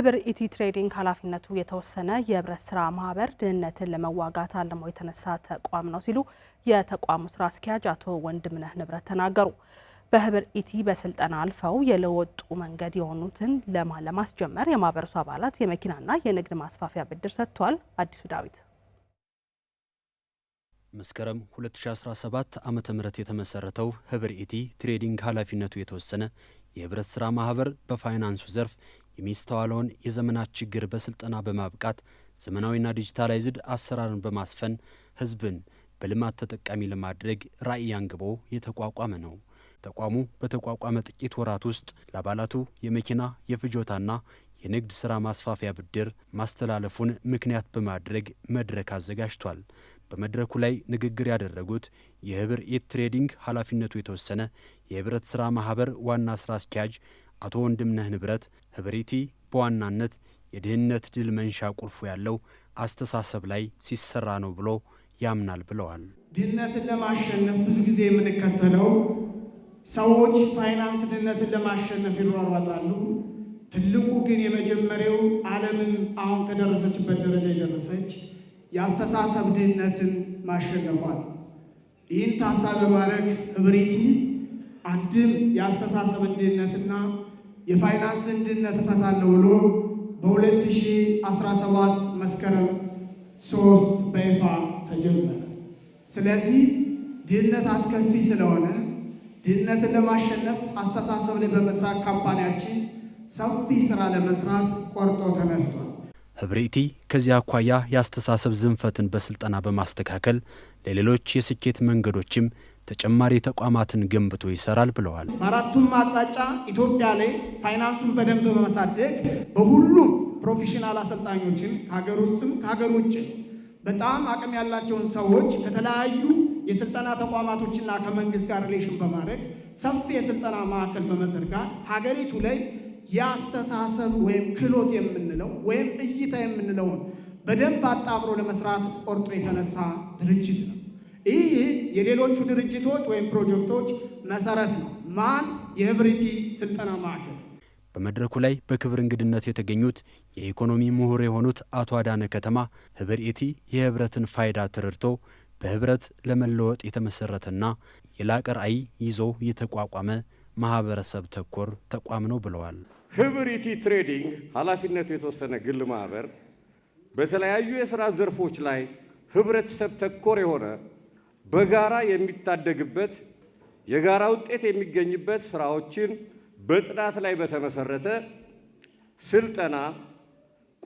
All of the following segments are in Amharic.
ህብር ኢቲ ትሬዲንግ ኃላፊነቱ የተወሰነ የህብረት ስራ ማህበር ድህነትን ለመዋጋት አልሞ የተነሳ ተቋም ነው ሲሉ የተቋሙ ስራ አስኪያጅ አቶ ወንድምነህ ንብረት ተናገሩ። በህብር ኢቲ በስልጠና አልፈው የለወጡ መንገድ የሆኑትን ለማስጀመር የማህበረሱ አባላት የመኪናና የንግድ ማስፋፊያ ብድር ሰጥቷል። አዲሱ ዳዊት መስከረም 2017 ዓ ም የተመሰረተው ህብር ኢቲ ትሬዲንግ ኃላፊነቱ የተወሰነ የህብረት ስራ ማህበር በፋይናንሱ ዘርፍ የሚስተዋለውን የዘመናት ችግር በስልጠና በማብቃት ዘመናዊና ዲጂታላይዝድ አሰራርን በማስፈን ህዝብን በልማት ተጠቃሚ ለማድረግ ራዕይ አንግቦ የተቋቋመ ነው። ተቋሙ በተቋቋመ ጥቂት ወራት ውስጥ ለአባላቱ የመኪና የፍጆታና የንግድ ሥራ ማስፋፊያ ብድር ማስተላለፉን ምክንያት በማድረግ መድረክ አዘጋጅቷል። በመድረኩ ላይ ንግግር ያደረጉት የህብር ኢት ትሬዲንግ ኃላፊነቱ የተወሰነ የህብረት ሥራ ማኅበር ዋና ሥራ አስኪያጅ አቶ ወንድምነህ ንብረት ህብሪቲ በዋናነት የድህነት ድል መንሻ ቁልፉ ያለው አስተሳሰብ ላይ ሲሰራ ነው ብሎ ያምናል ብለዋል። ድህነትን ለማሸነፍ ብዙ ጊዜ የምንከተለው ሰዎች ፋይናንስ ድህነትን ለማሸነፍ ይሯሯጣሉ። ትልቁ ግን የመጀመሪያው ዓለምን አሁን ከደረሰችበት ደረጃ የደረሰች የአስተሳሰብ ድህነትን ማሸነፏል። ይህን ታሳቢ በማድረግ ህብሪቲ አንድም የአስተሳሰብ እንድነትና የፋይናንስ እንድነት እፈታለሁ ብሎ በ2017 መስከረም ሶስት በይፋ ተጀመረ። ስለዚህ ድህነት አስከፊ ስለሆነ ድህነትን ለማሸነፍ አስተሳሰብ ላይ በመስራት ካምፓኒያችን ሰፊ ስራ ለመስራት ቆርጦ ተነስቷል። ህብሬቲ ከዚህ አኳያ የአስተሳሰብ ዝንፈትን በስልጠና በማስተካከል ለሌሎች የስኬት መንገዶችም ተጨማሪ ተቋማትን ገንብቶ ይሰራል ብለዋል። በአራቱም አቅጣጫ ኢትዮጵያ ላይ ፋይናንሱን በደንብ በማሳደግ በሁሉም ፕሮፌሽናል አሰልጣኞችን ከሀገር ውስጥም ከሀገር ውጭ በጣም አቅም ያላቸውን ሰዎች ከተለያዩ የስልጠና ተቋማቶችና ከመንግስት ጋር ሪሌሽን በማድረግ ሰፊ የስልጠና ማዕከል በመዘርጋት ሀገሪቱ ላይ የአስተሳሰብ ወይም ክህሎት የምንለው ወይም እይታ የምንለውን በደንብ አጣብሮ ለመስራት ቆርጦ የተነሳ ድርጅት ነው። ይህ የሌሎቹ ድርጅቶች ወይም ፕሮጀክቶች መሰረት ነው። ማን የህብሪቲ ስልጠና ማዕከል በመድረኩ ላይ በክብር እንግድነት የተገኙት የኢኮኖሚ ምሁር የሆኑት አቶ አዳነ ከተማ ህብር የህብረትን ፋይዳ ተረድቶ በህብረት ለመለወጥ የተመሰረተና የላቀ ራዕይ ይዞ የተቋቋመ ማህበረሰብ ተኮር ተቋም ነው ብለዋል። ህብር ትሬዲንግ ኃላፊነቱ የተወሰነ ግል ማህበር በተለያዩ የስራ ዘርፎች ላይ ህብረተሰብ ተኮር የሆነ በጋራ የሚታደግበት የጋራ ውጤት የሚገኝበት ስራዎችን በጥናት ላይ በተመሰረተ ስልጠና፣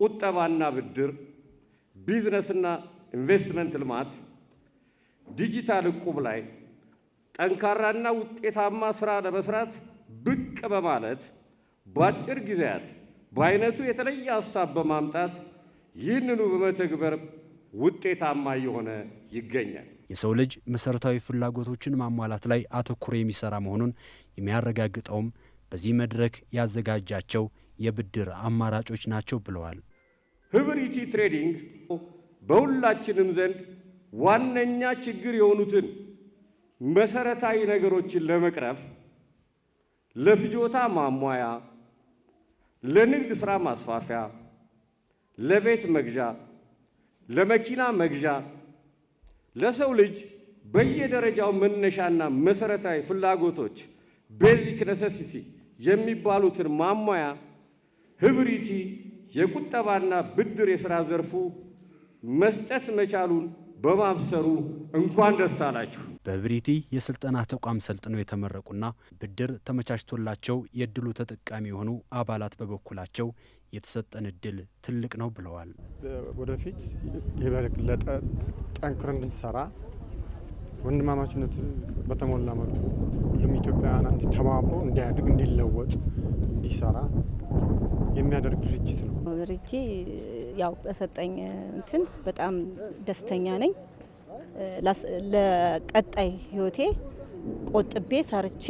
ቁጠባና ብድር፣ ቢዝነስና ኢንቨስትመንት ልማት፣ ዲጂታል እቁብ ላይ ጠንካራና ውጤታማ ስራ ለመስራት ብቅ በማለት በአጭር ጊዜያት በአይነቱ የተለየ ሀሳብ በማምጣት ይህንኑ በመተግበር ውጤታማ እየሆነ ይገኛል። የሰው ልጅ መሰረታዊ ፍላጎቶችን ማሟላት ላይ አተኩሮ የሚሰራ መሆኑን የሚያረጋግጠውም በዚህ መድረክ ያዘጋጃቸው የብድር አማራጮች ናቸው ብለዋል። ህብሪቲ ትሬዲንግ በሁላችንም ዘንድ ዋነኛ ችግር የሆኑትን መሰረታዊ ነገሮችን ለመቅረፍ ለፍጆታ ማሟያ፣ ለንግድ ሥራ ማስፋፊያ፣ ለቤት መግዣ፣ ለመኪና መግዣ ለሰው ልጅ በየደረጃው መነሻና መሰረታዊ ፍላጎቶች ቤዚክ ነሰሲቲ የሚባሉትን ማሟያ ህብሪቲ የቁጠባና ብድር የሥራ ዘርፉ መስጠት መቻሉን በማብሰሩ እንኳን ደስ አላችሁ። በብሪቲ የስልጠና ተቋም ሰልጥነው የተመረቁና ብድር ተመቻችቶላቸው የእድሉ ተጠቃሚ የሆኑ አባላት በበኩላቸው የተሰጠን እድል ትልቅ ነው ብለዋል። ወደፊት የበለጠ ጠንክረን ልንሰራ ወንድማማችነት በተሞላ መልኩ ሁሉም ኢትዮጵያውያን አንድ ተባብሮ እንዲያድግ እንዲለወጥ እንዲሰራ የሚያደርግ ድርጅት ነው። ድርጅቴ ያው በሰጠኝ እንትን በጣም ደስተኛ ነኝ። ለቀጣይ ህይወቴ ቆጥቤ ሰርቼ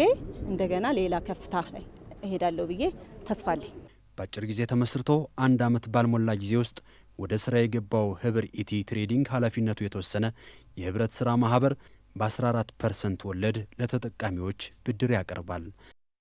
እንደገና ሌላ ከፍታ ላይ እሄዳለሁ ብዬ ተስፋለኝ። በአጭር ጊዜ ተመስርቶ አንድ አመት ባልሞላ ጊዜ ውስጥ ወደ ስራ የገባው ህብር ኢቲ ትሬዲንግ ኃላፊነቱ የተወሰነ የህብረት ስራ ማህበር በ14 ፐርሰንት ወለድ ለተጠቃሚዎች ብድር ያቀርባል።